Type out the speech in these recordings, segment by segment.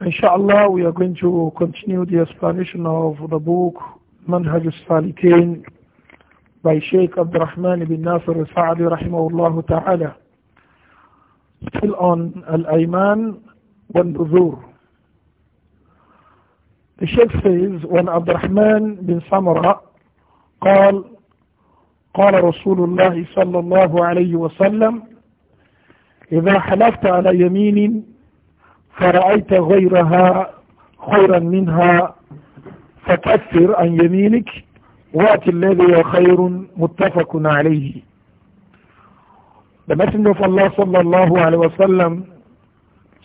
Inshallah, we are going to continue the explanation of the book Manhaj al-Salikin by Sheikh Abdurrahman ibn Nasir al-Sa'di rahimahullah ta'ala. Still on Al-Ayman wal-Nuzur. The Sheikh says, when Abdurrahman bin Samara قال قال رسول الله صلى الله عليه وسلم إذا حلفت على يمين فرأيت غيرها خيرا منها فكثر عن يمينك وقت الذي خير متفق عليه لما سنف الله صلى الله عليه وسلم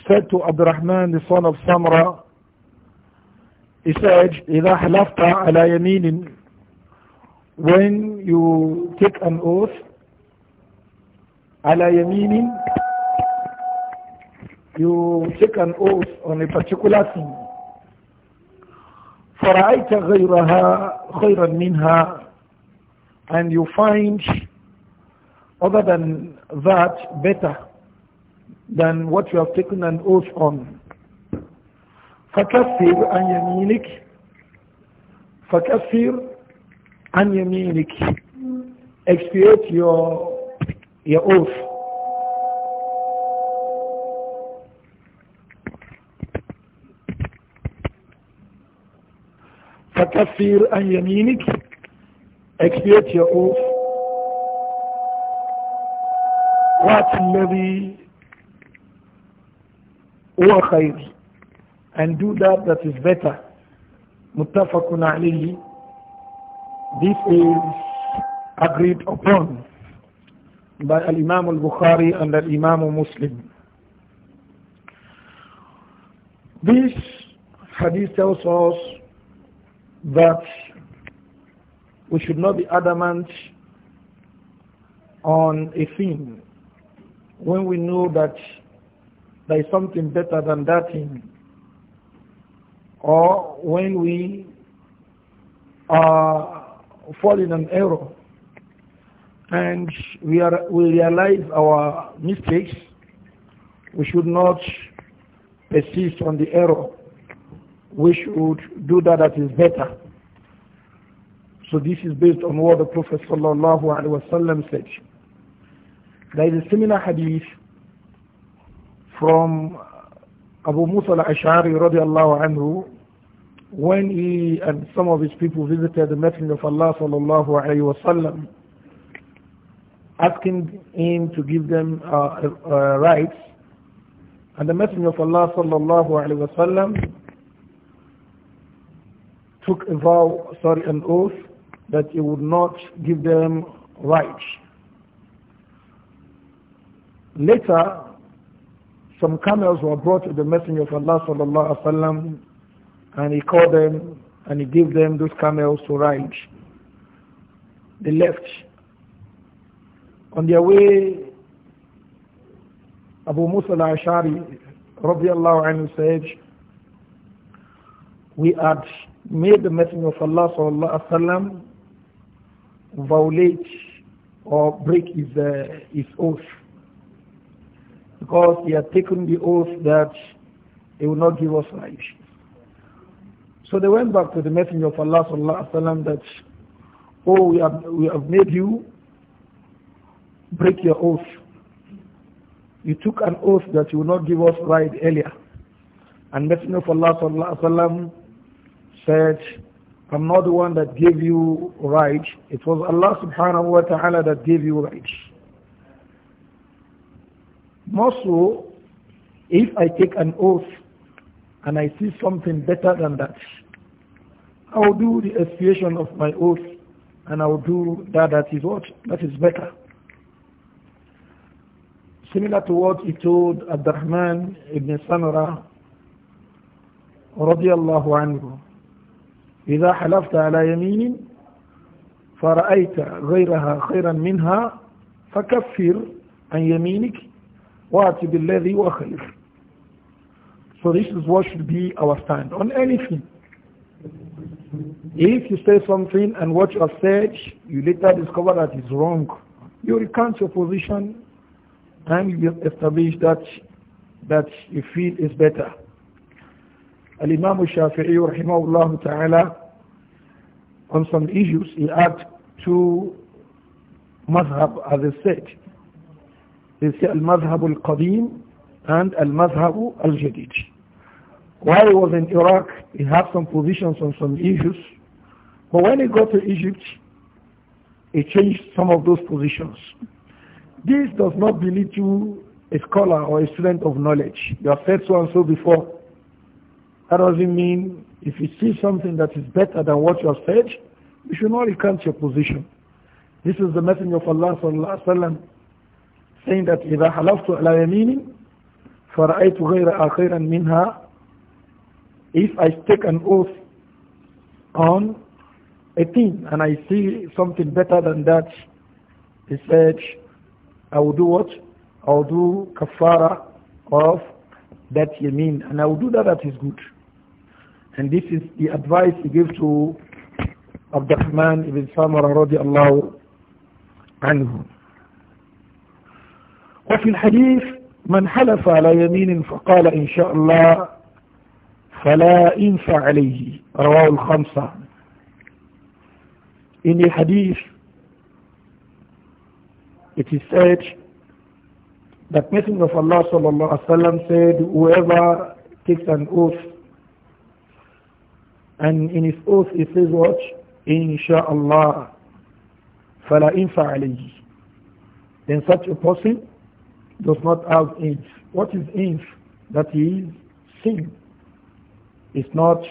سيدة عبد الرحمن صلى الصمرة إساج إذا حلفت على يمين when you take an oath على يمين you take an oath on a particular thing. فَرَأَيْتَ غَيْرَهَا خَيْرًا مِنْهَا And you find other than that better than what you have taken an oath on. فَكَفِّرْ أَنْ يَمِينِكِ فَكَفِّرْ أَنْ يَمِينِكِ Expiate your, your oath فكفر عن يمينك expiate your oath وات الذي هو خير and do that that is better متفق عليه this is agreed upon by Imam al-Bukhari and Imam Muslim this hadith tells us that we should not be adamant on a thing when we know that there is something better than that thing or when we are falling an error and we, are, we realize our mistakes, we should not persist on the error we should do that that is better. So this is based on what the Prophet ﷺ said. There is a similar hadith from Abu Musa al-Ash'ari radiallahu anhu when he and some of his people visited the Messenger of Allah sallallahu alaihi wasallam asking him to give them uh, uh, rights and the Messenger of Allah sallallahu alaihi wasallam took a vow, sorry, an oath that he would not give them rights. Later, some camels were brought to the Messenger of Allah sallallahu alaihi wasallam, and he called them and he gave them those camels to ride. They left. On their way, Abu Musa al-Ashari, radiallahu anhu, said, we had made the Messenger of Allah sallallahu alaihi wasallam violate or break his, uh, his oath because he had taken the oath that he would not give us life. So they went back to the Messenger of Allah sallallahu alaihi wasallam that, oh, we have, we have made you break your oath. You took an oath that you would not give us right earlier. And Messenger of Allah sallallahu alaihi wasallam said, I'm not the one that gave you right. It was Allah subhanahu wa ta'ala that gave you right. More so, if I take an oath and I see something better than that, I will do the expiation of my oath and I will do that that is what? That is better. Similar to what he told Abdurrahman ibn Samara radiallahu anhu إذا حلفت على يمين فرأيت غيرها خيرا منها فكفر عن يمينك وات بالذي هو So this is what should be our stand on anything. If you say something and what you have said, you later discover that is wrong, you recant your position and you establish that that you feel is better. Al-Imam Shafi'i rahimahullah ta'ala on some issues he had two madhab as I said. he said al-madhab al-qadim and al-madhab al-jadid. While he was in Iraq, he had some positions on some issues. But when he got to Egypt, he changed some of those positions. This does not belittle a scholar or a student of knowledge. You have said so and so before. That doesn't mean if you see something that is better than what you have said, you should not recant your position. This is the message of Allah sallallahu wa wasallam saying that إذا حلفت على يمين فرأيت غير خيرا منها If I take an oath on a thing and I see something better than that, he said, I will do what? I will do kafara of that yameen and I will do that that is good. And this is the advice he gave to Abdurrahman ibn Samara radiallahu anhu. وفي الحديث من حلف على يمين فقال إن شاء الله فلا إنف عليه رواه الخمسة In the hadith, it is said that Messenger of Allah صلى الله عليه وسلم said, whoever takes an oath and in his oath he says what? Insha'Allah. fala فَعَلَيْهِ Then such a person does not have inf. What is inf? That is sin. It's not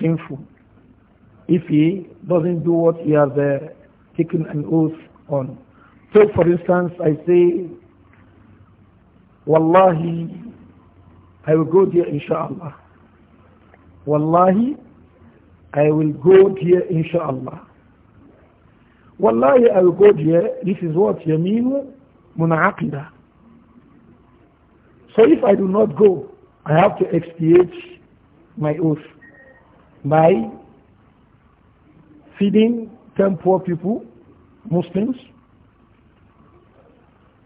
sinful. If he doesn't do what he has uh, taken an oath on. So for instance, I say, Wallahi, I will go there inshallah. Wallahi, I will go there inshallah. Wallahi, I will go there. This is what Yameen Munaqida. So if I do not go, I have to expiate my oath by feeding 10 poor people, Muslims,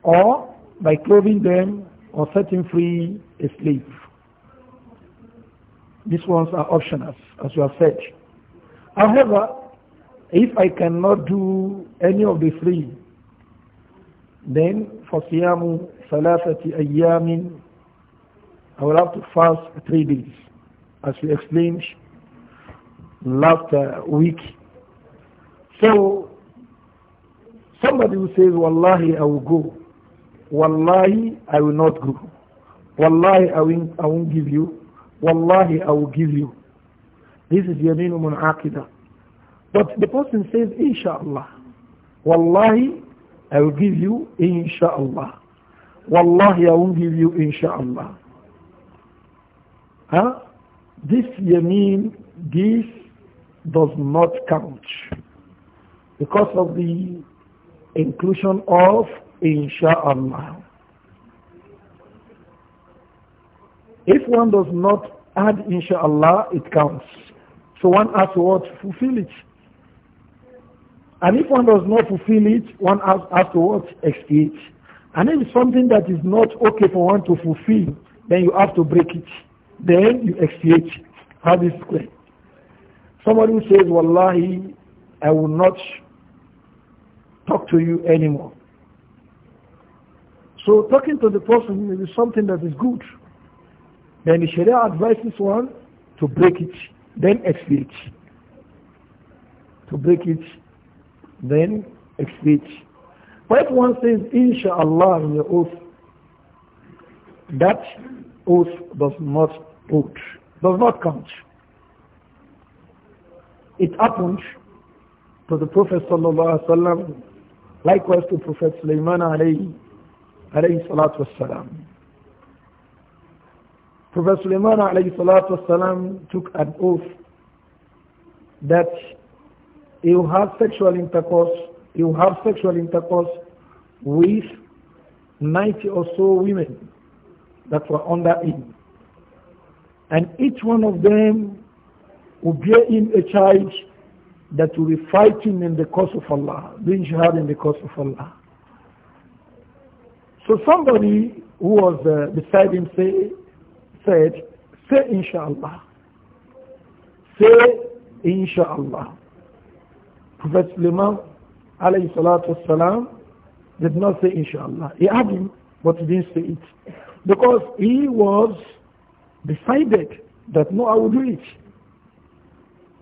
or by clothing them or setting free a slave. These ones are optional, as you have said. However, if I cannot do any of the three, then for siyamu thalathati ayyamin, I will have to fast three days, as we explained last uh, week. So, somebody who says, Wallahi, I will go. Wallahi, I will not go. Wallahi, I, will, I won't give you Wallahi, I will give you. This is Yaminu Mun'aqida. But the person says, Inshallah. Wallahi, I will give you Inshallah. Wallahi, I won't give you Inshallah. Huh? This Yamin, this does not count because of the inclusion of Inshallah. If one does not add inshallah, it counts. So one has to what? Fulfill it. And if one does not fulfill it, one has, has to what? Expiate. And if it's something that is not okay for one to fulfill, then you have to break it. Then you expiate. How this clear. Somebody who says, Wallahi, I will not talk to you anymore. So talking to the person is something that is good then the Sharia advises one to break it, then expiate. To break it, then expiate. But if one says, Inshallah, in oath, that oath does not hold, does not count. It happened to the Prophet sallallahu alaihi wasallam, likewise to Prophet Sulaiman alayhi, alayhi salatu Prophet Sulaiman والسلام, took an oath that he will have sexual intercourse, he will have sexual intercourse with 90 or so women that were under him. And each one of them will bear him a child that will be fighting in the cause of Allah, being jihad in the cause of Allah. So somebody who was uh, beside him say, said, say inshallah. Say inshallah. Prophet Suleiman alayhi salatu wasalam did not say inshallah. He had him, but he didn't say it. Because he was decided that no, I will do it.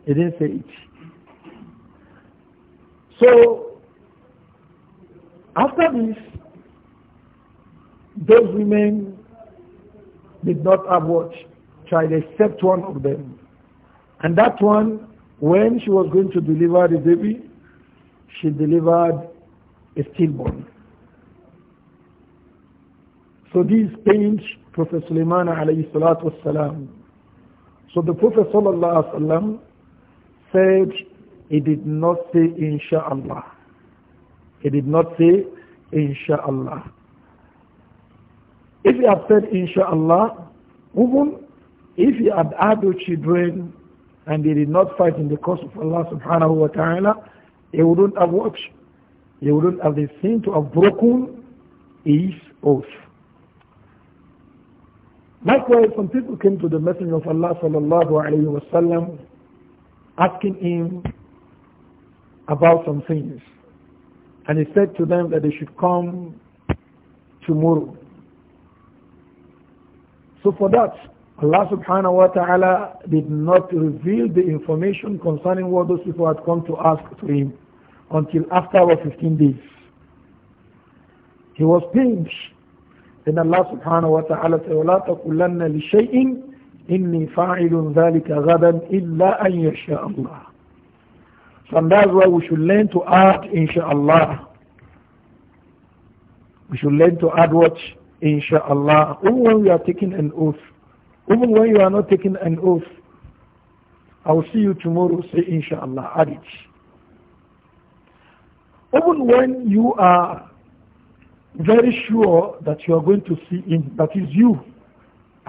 He didn't say it. So, after this, those women did not have what? Child except one of them. And that one, when she was going to deliver the baby, she delivered a stillborn. So these pains Prophet Sulaiman alayhi salatu wasalam. So the Prophet sallallahu alayhi said he did not say insha'Allah. He did not say insha'Allah. If he had said, Inshallah, even if he had adult children and they did not fight in the cause of Allah subhanahu wa ta'ala, he wouldn't have watched. He wouldn't have the sin to have broken his oath. Likewise, some people came to the Messenger of Allah sallallahu alayhi wa sallam asking him about some things. And he said to them that they should come tomorrow. So for that, Allah subhanahu wa ta'ala did not reveal the information concerning what those people had come to ask to him until after our 15 days. He was pinched. Then Allah subhanahu wa ta'ala said, وَلَا تَقُلَّنَّ لِشَيْءٍ إِنِّي فَاعِلٌ ذَلِكَ غَدًا إِلَّا أَنْ يَشَاءَ اللَّهُ So that's why we should learn to act, inshallah. We should learn to add what? Insha'Allah, even when you are taking an oath, even when you are not taking an oath, I will see you tomorrow, say Insha'Allah, add Even when you are very sure that you are going to see him, that is you,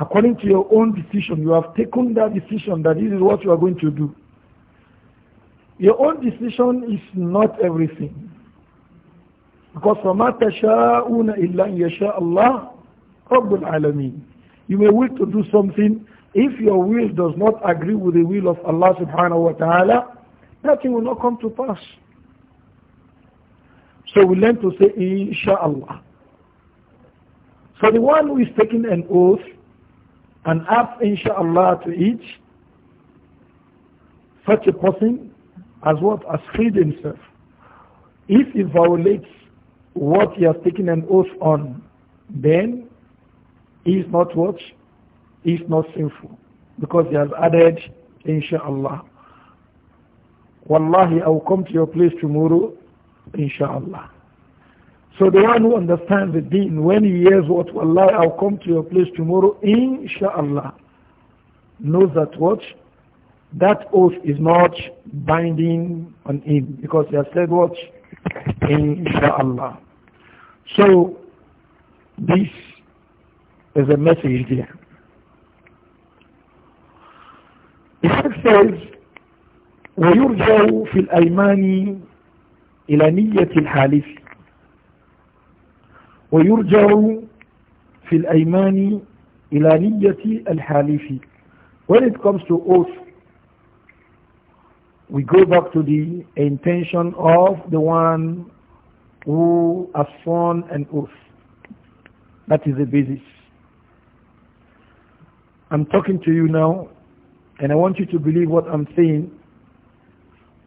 according to your own decision, you have taken that decision that this is what you are going to do. Your own decision is not everything. Because وَمَا تَشَاءُونَ إِلَّا يَشَاءَ اللَّهُ رَبُّ الْعَالَمِينَ You may will to do something. If your will does not agree with the will of Allah subhanahu wa ta'ala, nothing will not come to pass. So we learn to say, Allah. So the one who is taking an oath and asks Insha'Allah to each such a person as what? Has freed himself. If he violates what he has taken an oath on, then is not what? Is not sinful. Because he has added, inshallah. Wallahi, I will come to your place tomorrow, inshallah. So the one who understands the deen, when he hears what, Wallahi, I will come to your place tomorrow, inshallah, knows that what? That oath is not binding on him. Because he has said what? insha'Allah. So this is a message there. It says, وَيُرْجَوْ في الأيمان إلى نية الحالف وَيُرْجَوْ في الأيمان إلى نية الحالف When it comes to oath, we go back to the intention of the one who has sworn an oath. That is the basis. I'm talking to you now, and I want you to believe what I'm saying,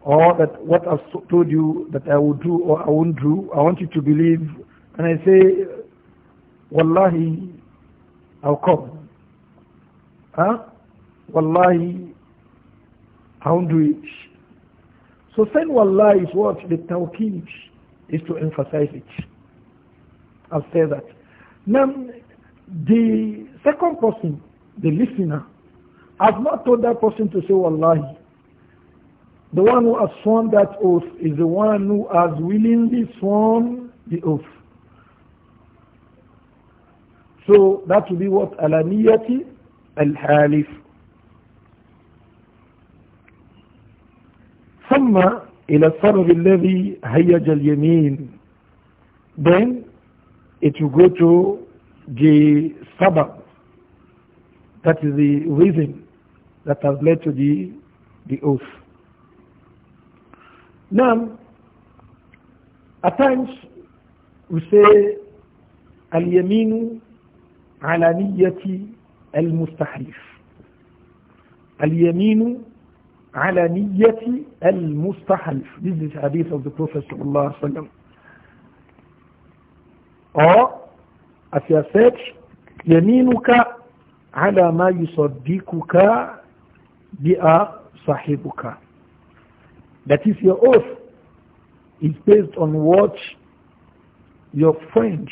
or that what I've told you that I will do or I won't do. I want you to believe, and I say, Wallahi, I'll come. Huh? Wallahi, I not do it. So saying wallah is what? The tawqid is to emphasize it. I'll say that. Now, the second person, the listener, has not told that person to say wallahi. The one who has sworn that oath is the one who has willingly sworn the oath. So that will be what? Alaniyati al-halif. ثم إلى السبب الذي هيج اليمين then it will go to the sabab that is the reason that has led to the the oath now at times we say اليمين على نية المستحلف اليمين على نية المستحلف this is hadith of the Prophet صلى الله عليه وسلم or as he said يمينك على ما يصدقك بأ صاحبك that is your oath is based on what your friend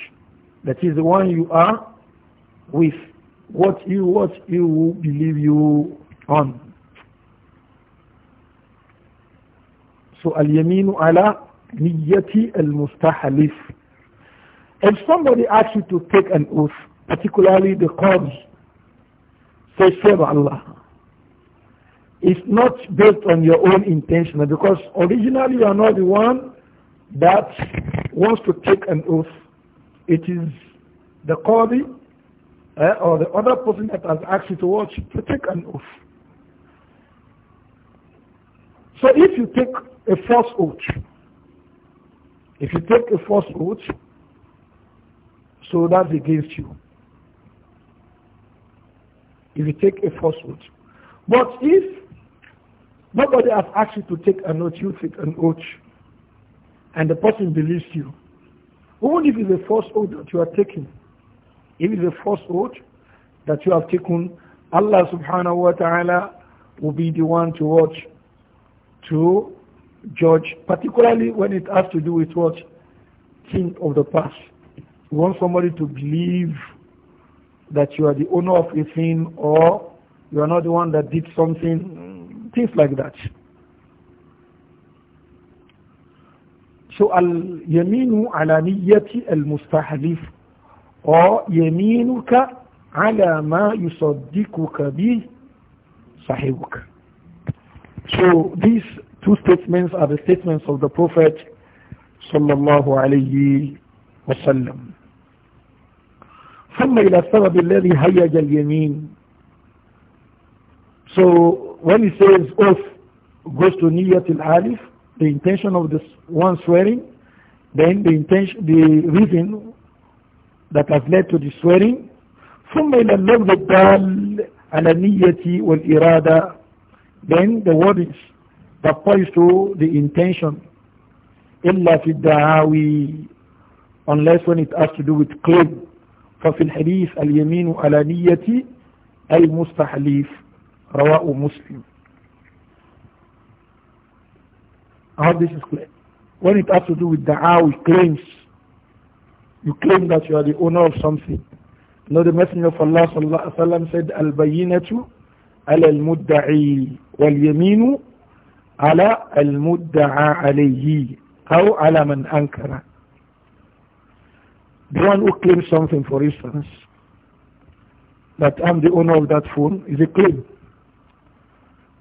that is the one you are with what you what you believe you on So al-yaminu ala niyati al-mustahalif. If somebody asks you to take an oath, particularly the qadi, say Sheba Allah. It's not based on your own intention because originally you are not the one that wants to take an oath. It is the qadi eh, or the other person that has asked you to watch to take an oath. So if you take a false oath, if you take a false oath, so that's against you. If you take a false oath. But if nobody has asked you to take an oath, you take an oath, and the person believes you, even if it's a false oath that you are taking, if it's a false oath that you have taken, Allah subhanahu wa ta'ala will be the one to watch to judge, particularly when it has to do with what? king of the past. You want somebody to believe that you are the owner of a thing or you are not the one that did something, things like that. So al-yaminu ala niyyati al-mustahlif or yaminuka ala ma yusaddiquka bih sahibuka. So these two statements are the statements of the Prophet sallallahu alayhi wasallam. ثم إلى السبب الذي هيج اليمين So when he says oath goes to niyat al-alif, the intention of this one swearing, then the intention, the reason that has led to the swearing, ثم إلى اللفظ الدال على النية والإرادة then the word is refers to the intention. إلا في الدعاوي unless when it has to do with claim. ففي الحديث اليمين على نية المستحليف رواه مسلم. I hope this is clear. When it has to do with the it claims, you claim that you are the owner of something. You know the Messenger of Allah said, al bayinatu على المدعي واليمين على المدعى عليه أو على من أنكر the one who claims something for instance that I'm the owner of that phone is a claim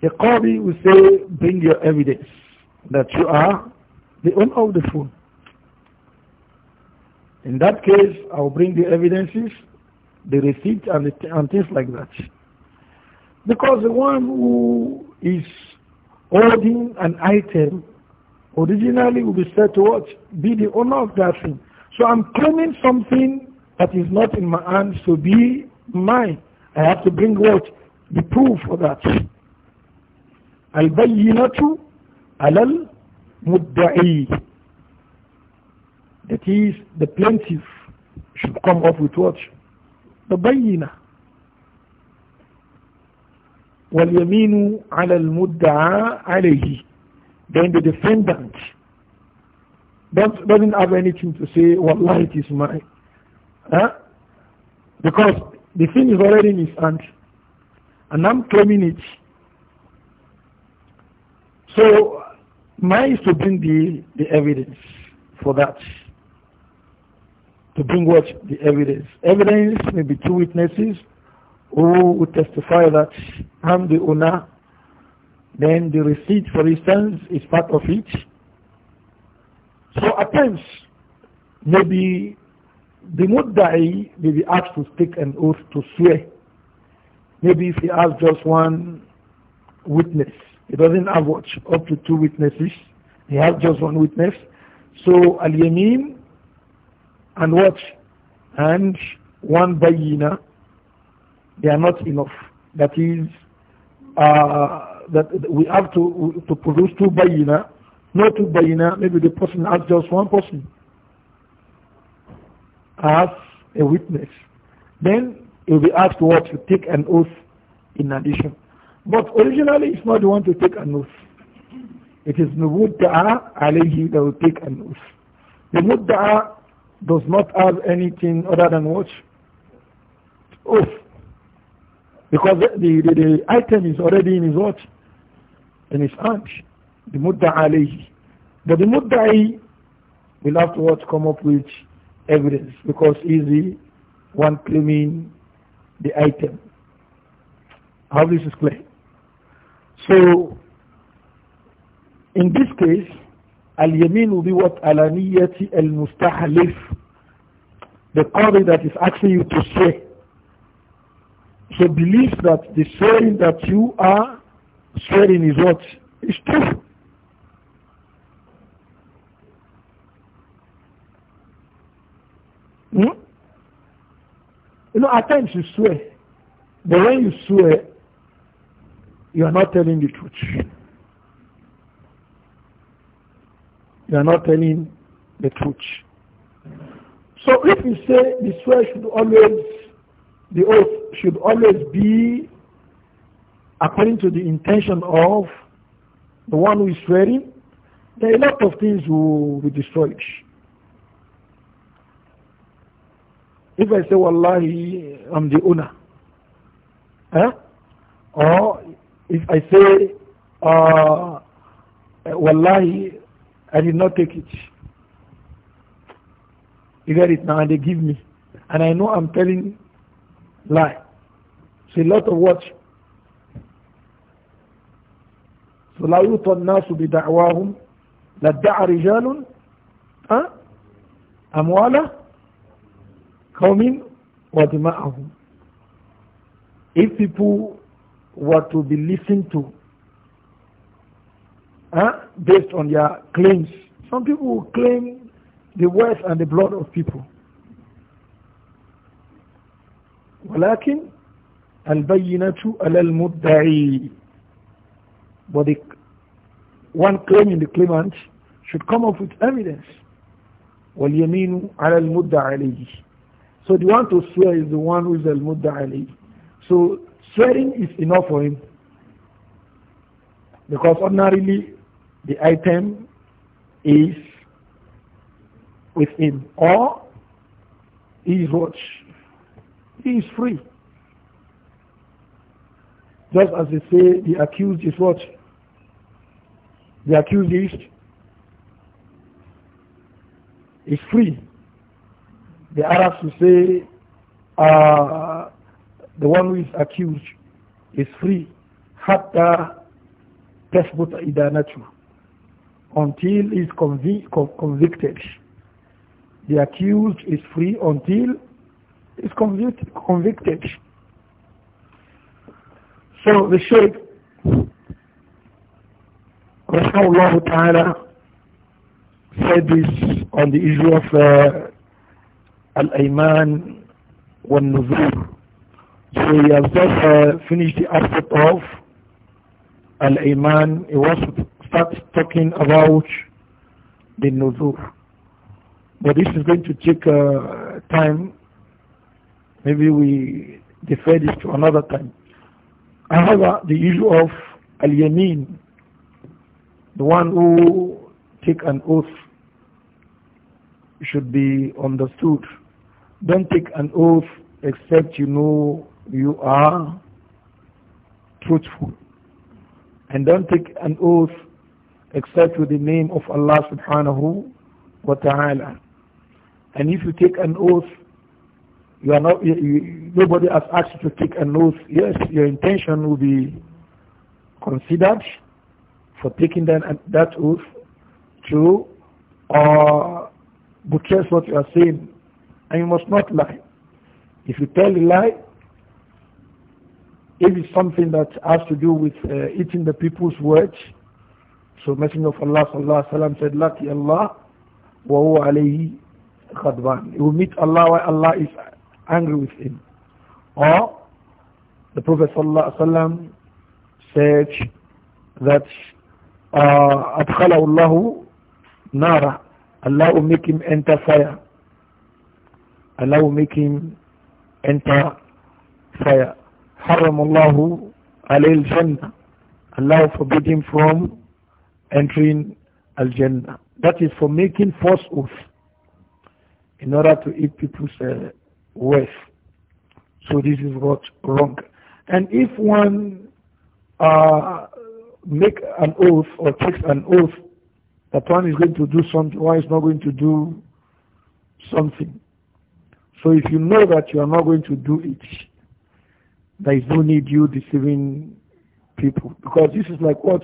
the Qadi will say bring your evidence that you are the owner of the phone in that case I'll bring the evidences the receipt and, the and things like that because the one who is holding an item originally will be said to what? Be the owner of that thing. So I'm claiming something that is not in my hands to be mine. I have to bring what? The proof for that. Al-bayyinatu alal mudda'i. That is, the plaintiff should come up with what? The bayyinah. وَالْيَمِينُ عَلَى الْمُدَّعَى عَلَيْهِ Then the defendant doesn't have anything to say, light it is mine. Huh? Because the thing is already in his hand. And I'm claiming it. So, mine is to bring the, the evidence for that. To bring what? The evidence. Evidence may be two witnesses, who would testify that I'm the owner, then the receipt, for instance, is part of it. So at times, maybe the mudda'i may be asked to take an oath to swear. Maybe if he has just one witness, he doesn't have what, up to two witnesses, he has just one witness. So al and what? And one bayina they are not enough. That is, uh, that we have to to produce two bayina, not two bayina. Maybe the person has just one person as a witness. Then you'll be asked what to take an oath in addition. But originally, it's not the one to take an oath. It is Nubudda'a alayhi that will take an oath. The Mudda'a does not have anything other than what? Oath. Because the, the, the, item is already in his watch, in his hand, the mudda alayhi. But the mudda'i will afterwards come up with evidence because he's the one claiming the item. How this is clear? So, in this case, al-yamin will be what alaniyati al-mustahalif, the qadi that is asking you to say so believe that the saying that you are swearing is what? It's true. Hmm? You know, at times you swear, but when you swear, you are not telling the truth. You are not telling the truth. So if you say the swear should always the oath should always be according to the intention of the one who is swearing, there are a lot of things will be destroyed. If I say, Wallahi, I'm the owner. Eh? Or if I say, uh, Wallahi, I did not take it. You get it now, and they give me. And I know I'm telling lie. So a lot of what? So لا يوطى الناس بدعواهم لادعى رجال أه؟ أموال قوم ودماءهم If people were to be listened to huh, based on their claims, some people will claim the wealth and the blood of people. ولكن البينة على المدعي but the one claiming the claimant should come up with evidence واليمين على المدعي عليه so the one to swear is the one who the al-mudda'i عليه so swearing is enough for him because ordinarily the item is with him or is watch he is free. Just as they say, the accused is what? The accused is, is free. The Arabs will say, uh, the one who is accused is free. Hatta تثبت إدانته until he is convicted. The accused is free until is convicted. convicted. So the Shaykh, Rahimahullah Ta'ala, said this on the issue of uh, Al-Ayman wal-Nuzur. So he has just uh, finished the aspect of Al-Iman. He was starts talking about the Nuzur. But this is going to take uh, time Maybe we defer this to another time. However, the issue of al-yamin, the one who take an oath should be understood. Don't take an oath except you know you are truthful. And don't take an oath except with the name of Allah subhanahu wa ta'ala. And if you take an oath you are not, you, you, nobody has asked you to take a oath. Yes, your intention will be considered for taking that, that oath to uh, buttress what you are saying. And you must not lie. If you tell a lie, if it's something that has to do with uh, eating the people's words, so Messenger of Allah sallallahu alaihi wasallam said, "Laki Allah, wa huwa alayhi khadban." You meet Allah while Allah is angry with him. Or the Prophet ﷺ said that أَدْخَلَهُ اللَّهُ نَارًا Allah will make him enter fire. Allah will make him enter fire. حرم الله عليه الجنة Allah will forbid him from entering Al-Jannah. That is for making false oath in order to eat people's uh, Worth. So this is what wrong. And if one uh, make an oath or takes an oath that one is going to do something, one is not going to do something. So if you know that you are not going to do it, there is no need you deceiving people. Because this is like what?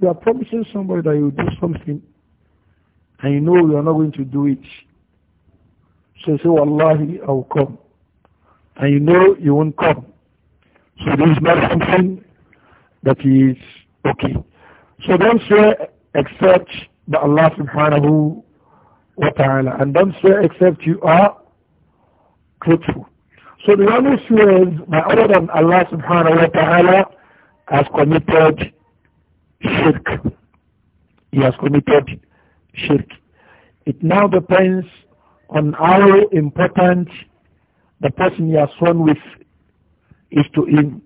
You are promising somebody that you will do something and you know you are not going to do it. So you say, Wallahi, I will come. And you know you won't come. So this is not something that is okay. So don't swear except that Allah subhanahu wa ta'ala. And don't swear except you are truthful. So the one who swears by other than Allah subhanahu wa ta'ala has committed shirk. He has committed shirk. It now depends on how important the person you are sworn with is to him.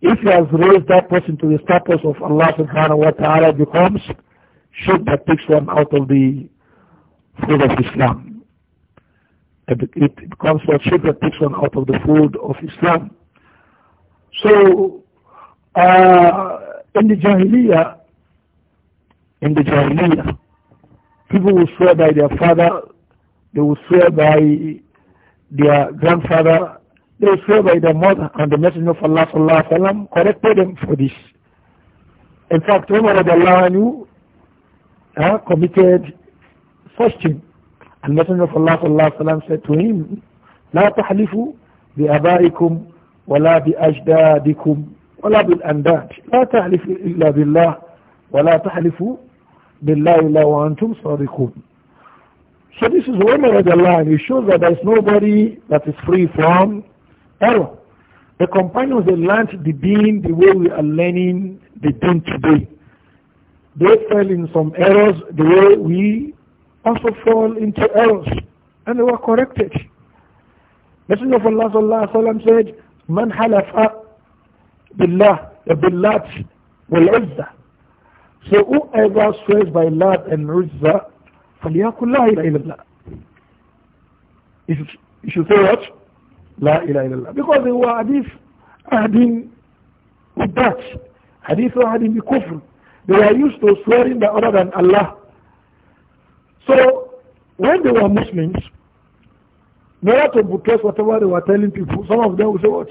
If he has raised that person to the status of Allah subhanahu wa ta'ala becomes shirk that takes one out of the fold of Islam. It, becomes a shirk that takes one out of the fold of Islam. So, uh, in the Jahiliyyah, in the Jahiliyyah, people will swear by their father they will swear by their grandfather, they will swear by their mother and the Messenger of Allah sallallahu alaihi wasallam corrected them for this. In fact, Umar radiallahu anhu uh, committed such thing. And Messenger of Allah sallallahu alaihi wasallam said to him, لا تحلفوا بآبائكم ولا بأجدادكم ولا بالأنداد لا تحلفوا إلا بالله ولا تحلفوا بالله إلا وأنتم صادقون so this is one more the line. It shows that there is nobody that is free from error. The companions, they learned the deen the way we are learning the deen today. They fell in some errors the way we also fall into errors. And they were corrected. Messenger of Allah sallallahu alayhi wa said, Man halafa billah, billat wal So whoever swears by Allah and mercy. فليقل لا إله إلا الله you should, say what لا إله إلا الله because هو حديث أهد with that حديث أهد بكفر they were used to swearing by other than Allah so when they were Muslims no matter to buttress whatever they were telling people some of them would say what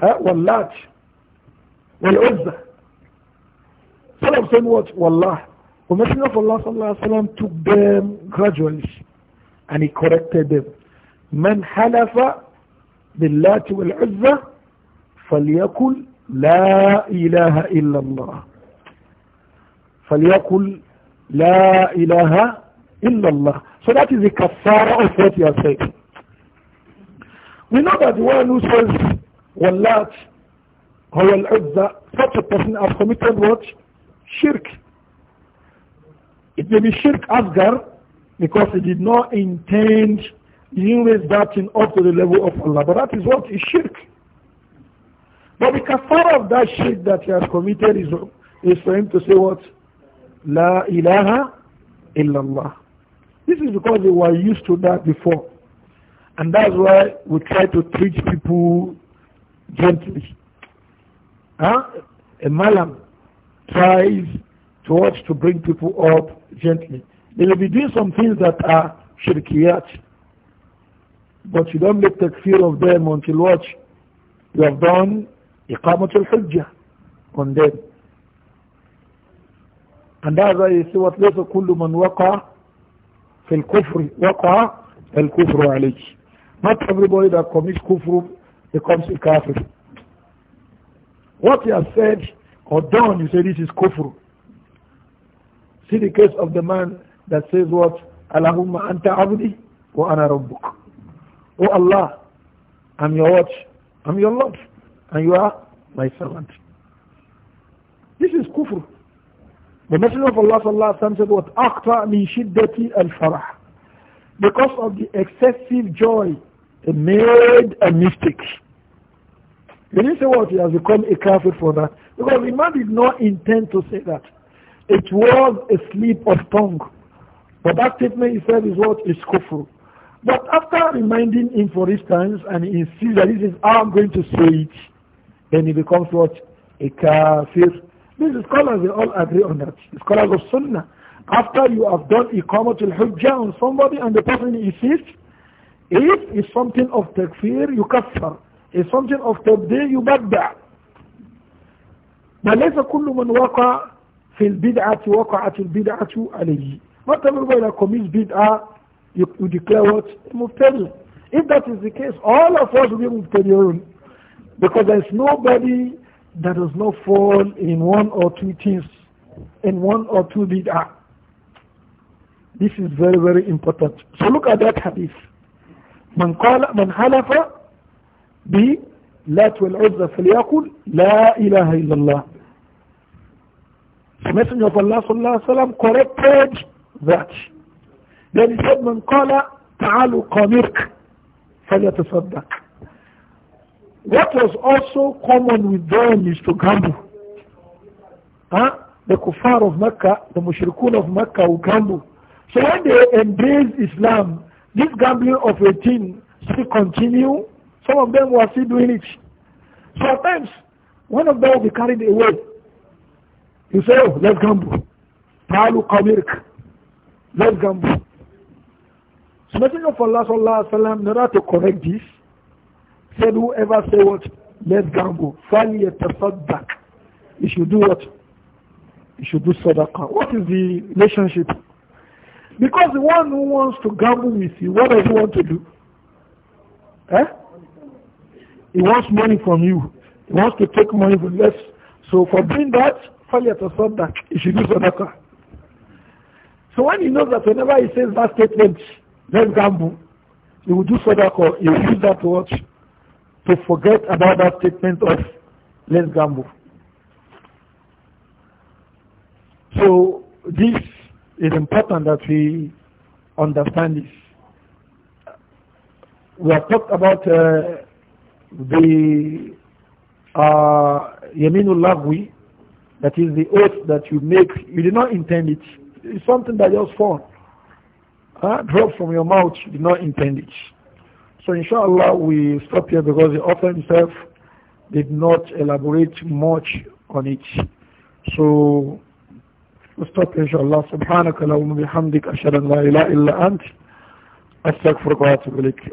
huh? واللات والعزة some of them what والله the Messenger of Allah sallallahu alayhi wa took them gradually and he corrected them. Man halafa باللات والعزة فليقل لا إله إلا الله فليقل لا إله إلا So that is the kafara of what you are saying. We know that the one who says Wallat or al such a person has committed what? Shirk. It may be shirk asgar because he did not intend, he didn't raise that thing up to the level of Allah. But that is what is shirk. But the kafara of that shirk that he has committed is, is for him to say what? La ilaha illallah. This is because they were used to that before. And that's why we try to treat people gently. Huh? A malam tries to watch to bring people up gently. They will be doing some things that are shirkiyat. But you don't make fear of them until watch You have done iqamat al-hujjah on them. And that's why you see what ليس man من fil kufri الكفر وقع kufru عليه. Not everybody that commits kufru becomes a kafir. What you have said or done, you say this is kufru. See the case of the man that says what? Allahumma anta abdi wa ana rabbuk. Oh Allah, I'm your watch, I'm your Lord, and you are my servant. This is kufr. The Messenger of Allah sallallahu alaihi said, "What akta min shiddati al farah." Because of the excessive joy, he made a mistake. you didn't say what he has become a kafir for that because the man did not intend to say that. It was a slip of tongue. But that statement itself is what is kufr. But after reminding him, for times, and he sees that this is how I'm going to say it, then he becomes what? A kafir. is scholars, they all agree on that. The scholars of Sunnah. After you have done iqamatul hujjah on somebody and the person insists, if it's something of takfir, you kafir. If something of tabdi, you badda. But ليس كل من وقع في البدعة وقعت البدعة عليه not everybody that commits bid'ah you, you declare what mubtadi if that is the case all of us will be mubtadiun because there is nobody that does not fall in one or two things in one or two bid'ah this is very very important so look at that hadith من قال من حلف بلات والعزى فليقل لا إله إلا الله the Messenger of Allah sallallahu alaihi wasallam corrected that. Then he said, "Man qala ta'alu qamik falyatasaddaq." What was also common with them is to gamble. Huh? The kuffar of Mecca, the mushrikun of Mecca who gamble. So when they embraced Islam, this gambling of a thing still continue. Some of them were still doing it. Sometimes one of them will be carried away you say, oh, let's gamble. Talu qamirk. Let's gamble. So Messenger of Allah sallallahu alayhi wa sallam, in to correct this, said whoever say what, let's gamble. فَلْيَتَصَدَّقْ You should do what? You should do sadaqah. What is the relationship? Because the one who wants to gamble with you, what does he want to do? Eh? He wants money from you. He wants to take money from you. So for doing that, فَلْيَتَصَدَّقْ He should do So when he knows that whenever he says that statement, then gamble, he will do sadaqah. He will use that watch to forget about that statement of let's gamble. So this is important that we understand this. We have talked about uh, the uh, Yaminul Lagwi that is the oath that you make. You did not intend it. It's something that just falls. Huh? Dropped from your mouth. You did not intend it. So inshallah we stop here because the author himself did not elaborate much on it. So we stop here inshallah. سبحانك اللهم بحمدك أشهد أن لا إله إلا أنت أستغفرك وأتوب إليك.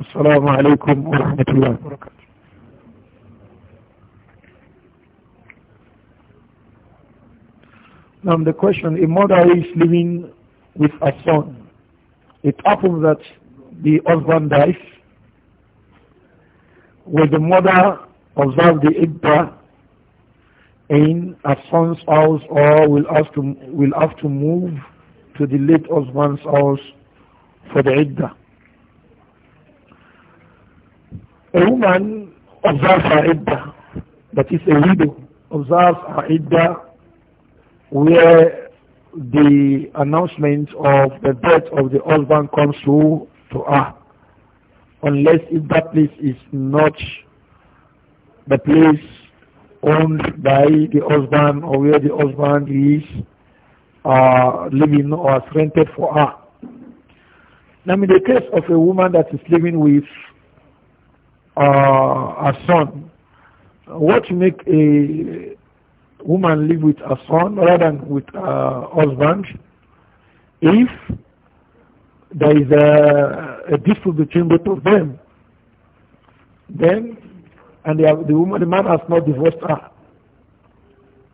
السلام عليكم ورحمة الله وبركاته Now the question, a mother is living with a son. It happens that the husband dies. Will the mother observe the idda in a son's house or will have to, will have to move to the late husband's house for the idda? A woman observes her idda, that is a widow, observes her idda where the announcement of the death of the husband comes through to her unless if that place is not the place owned by the husband or where the husband is uh, living or rented for her. Now in the case of a woman that is living with uh, a son, what make a woman live with her son rather than with her husband if there is a, a dispute between both of them then and have, the woman the man has not divorced her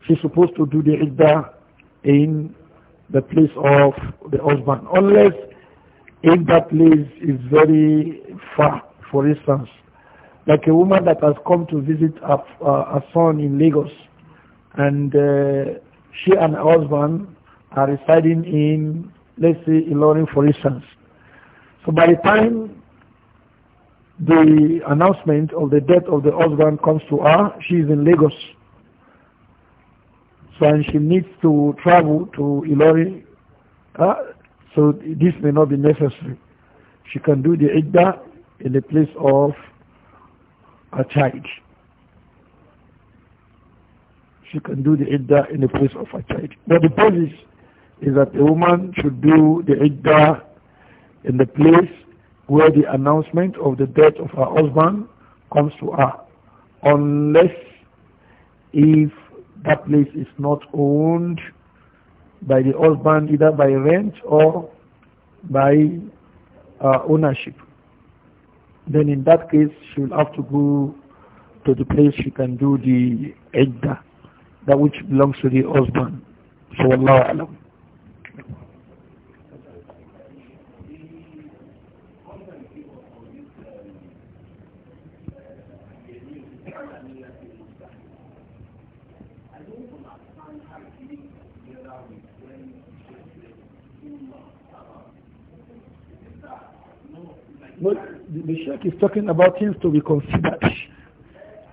she's supposed to do the idda in the place of the husband unless if that place is very far for instance like a woman that has come to visit a son in Lagos and uh, she and her husband are residing in, let's say, Ilorin for instance. So by the time the announcement of the death of the husband comes to her, she is in Lagos. So and she needs to travel to Ilorin. Uh, so this may not be necessary. She can do the idda in the place of a child she can do the idda in the place of her child. But the policy is that a woman should do the idda in the place where the announcement of the death of her husband comes to her, unless if that place is not owned by the husband either by rent or by uh, ownership. Then in that case, she will have to go to the place she can do the idda that which belongs to the husband. So Allah alam. But the Sheikh is talking about things to be considered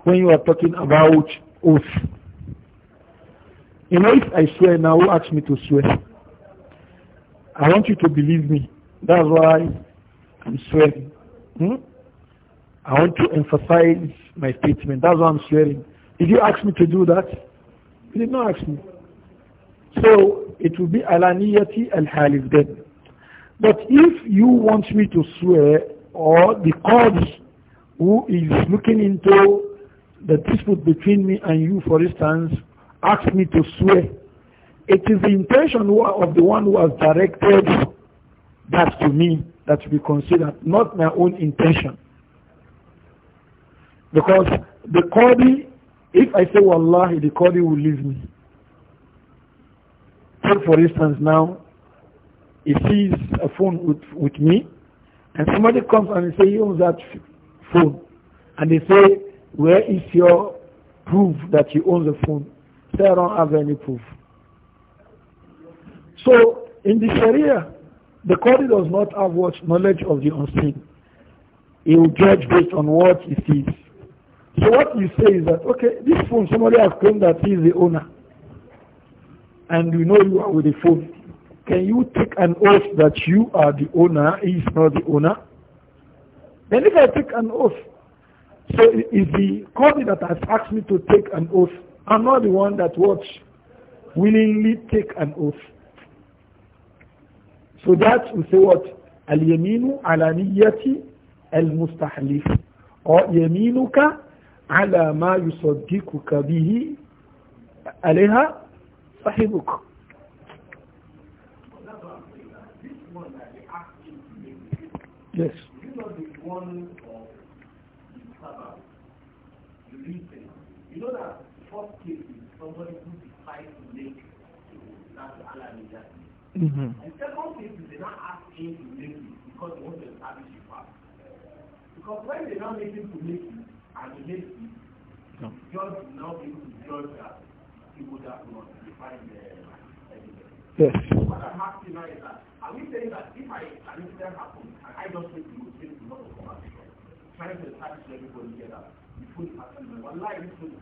when you are talking about oath. You know, if I swear now, who asks me to swear? I want you to believe me. That's why I'm swearing. Hmm? I want to emphasize my statement. That's why I'm swearing. Did you ask me to do that? You did not ask me. So it will be alaniyati al halif then. But if you want me to swear, or the cause who is looking into the dispute between me and you, for instance, asked me to swear. It is the intention of the one who has directed that to me that we consider, not my own intention. Because the Qadi, if I say Wallahi, the Qadi will leave me. Take for instance now, he sees a phone with, with me, and somebody comes and he says, he owns that phone. And they say, where is your proof that you own the phone? They don't have any proof. So in the Sharia, the Qadi does not have what knowledge of the unseen. He will judge based on what he sees. So what you say is that, okay, this phone, somebody has claimed that he is the owner. And you know you are with the phone. Can you take an oath that you are the owner, he is not the owner? Then if I take an oath, so it's the Qadi that has asked me to take an oath I'm not the one that what willingly take an oath. So that we say what? Al-yaminu ala niyyati al-mustahlif. Or yaminuka ala ma yusaddikuka bihi alayha sahibuk. Yes. You know the one of the Sabbath, the reason. You know that first case is somebody who decides to make that alarm that. Mm-hmm. And second case is they not ask him to make it because they want to establish a fact. Because when they now make him to make it and they make it, no. judge will now be able to judge that he would have not define the Yes. what I'm asking now is that are we saying that if I an incident happens and I just think you say to not come out, trying to establish everybody here that the food One life is food is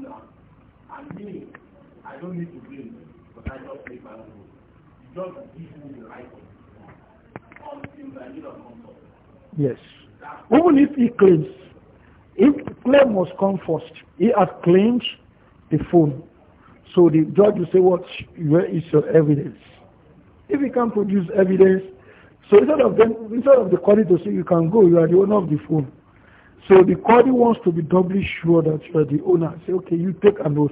I don't need to blame, but I just play my own role. Just give me the right thing. All things I need are comfort. Yes. Even if he claims, if claim was come first, he has claimed the phone. So the judge will say, what, where is your evidence? If he can produce evidence, so instead of them, instead of the court to say you can go, you are the owner of the phone. So the court wants to be doubly sure that you are the owner. Say, okay, you take an oath.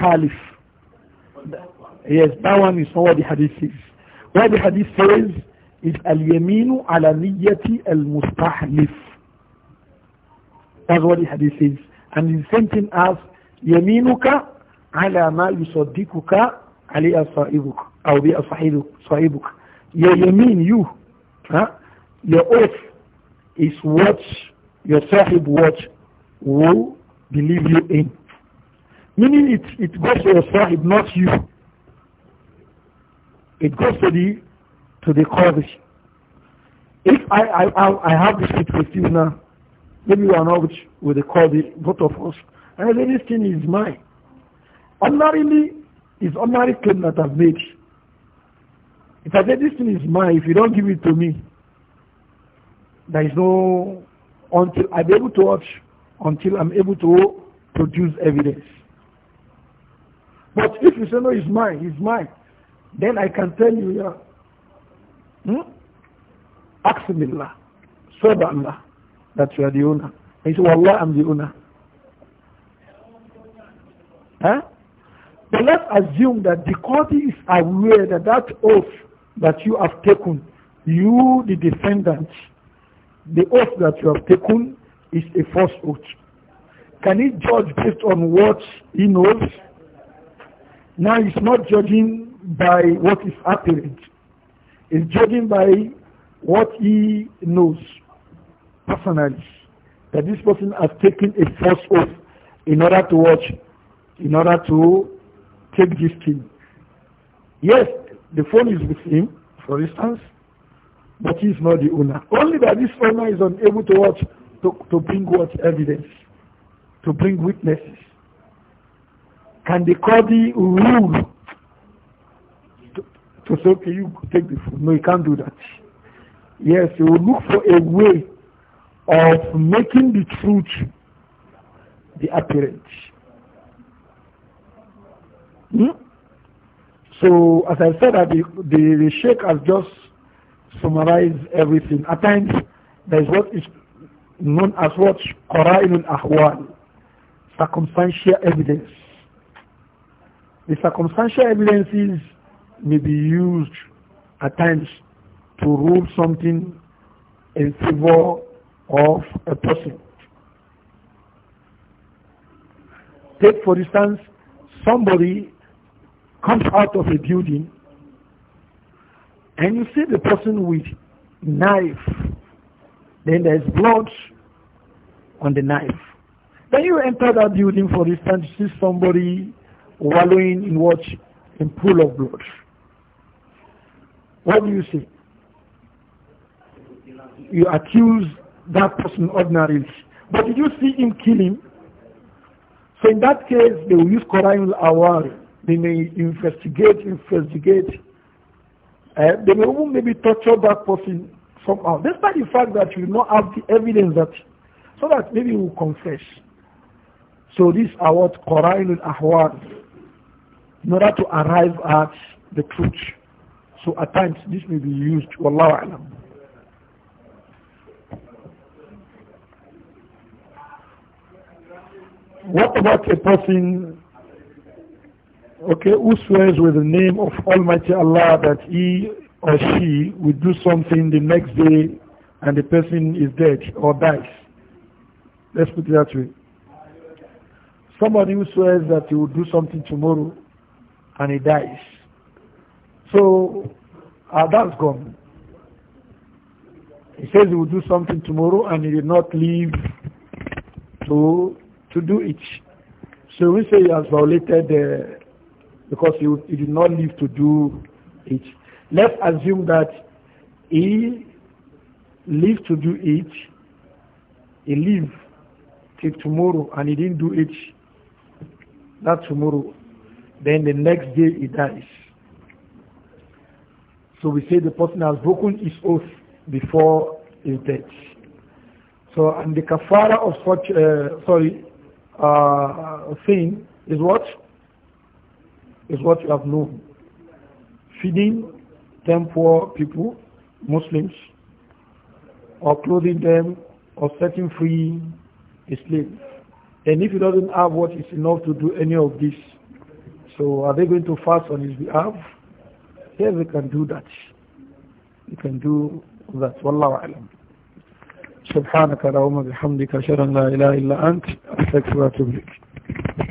halif. Yes, that one is not what the hadith says. What the hadith says is al-yaminu ala niyyati al-mustahlif. That's what the hadith says. And the same thing as yaminuka ala ma yusaddikuka alayha sahibuk. Or bi sahibuk. Your yamin, you, huh? your oath is what your sahib what will believe you in. Meaning it, it goes to your sahib, not you. It goes to the to the court If I, I, I, have this with you now, maybe we are not with the Qadi, both of us, and then this thing is mine. Ordinarily, it's ordinary claim that I've made. If I say this thing is mine, if you don't give it to me, there is no until I'm able to watch, until I'm able to produce evidence. But if you say, no, it's mine, it's mine, then I can tell you, yeah, hmm? Aksimillah, Sabah that you are the owner. And he said, Wallah, I'm the owner. Huh? But let's assume that the court is aware that that oath that you have taken, you, the defendant, the oath that you have taken is a false oath. Can he judge based on what he knows? Now it's not judging by what is apparent. It's judging by what he knows personally. That this person has taken a false oath in order to watch, in order to take this thing. Yes, the phone is with him, for instance, but he is not the owner. Only that this owner is unable to watch, to, to bring what evidence, to bring witnesses can the court rule to, to say, okay, you take the food? No, you can't do that. Yes, you will look for a way of making the truth the apparent. Hmm? So, as I said, the, the, the Sheikh has just summarized everything. At times, there is what is known as what Qara'il al-Ahwal, circumstantial evidence. The circumstantial evidences may be used at times to rule something in favor of a person. Take, for instance, somebody comes out of a building and you see the person with knife, then there's blood on the knife. Then you enter that building, for instance, you see somebody wallowing in what? In pool of blood. What do you say? You accuse that person ordinarily. But did you see him kill him? So in that case, they will use Quran al They may investigate, investigate. Uh, they may even maybe torture that person somehow. Despite the fact that you do not have the evidence that, so that maybe you will confess. So these are what Quran al-Ahwar in order to arrive at the truth. So at times this may be used, wallahu alam. What about a person, okay, who swears with the name of Almighty Allah that he or she will do something the next day and the person is dead or dies? Let's put it that way. Somebody who swears that he will do something tomorrow and he dies. So uh, that's gone. He says he will do something tomorrow and he did not leave to to do it. So we say he has violated uh, because he, he did not leave to do it. Let's assume that he lived to do it. He lived till tomorrow and he didn't do it that tomorrow. Then the next day he dies. So we say the person has broken his oath before his death. So and the kafara of such uh, sorry uh, thing is what is what you have known. Feeding ten poor people, Muslims, or clothing them, or setting free a slave. And if he doesn't have what is enough to do any of this, so are they going to fast on his behalf? Yes, we can do that. We can do that. Wallahu alam. سبحانك اللهم بحمدك اشهد ان لا اله الا انت استغفرك واتوب اليك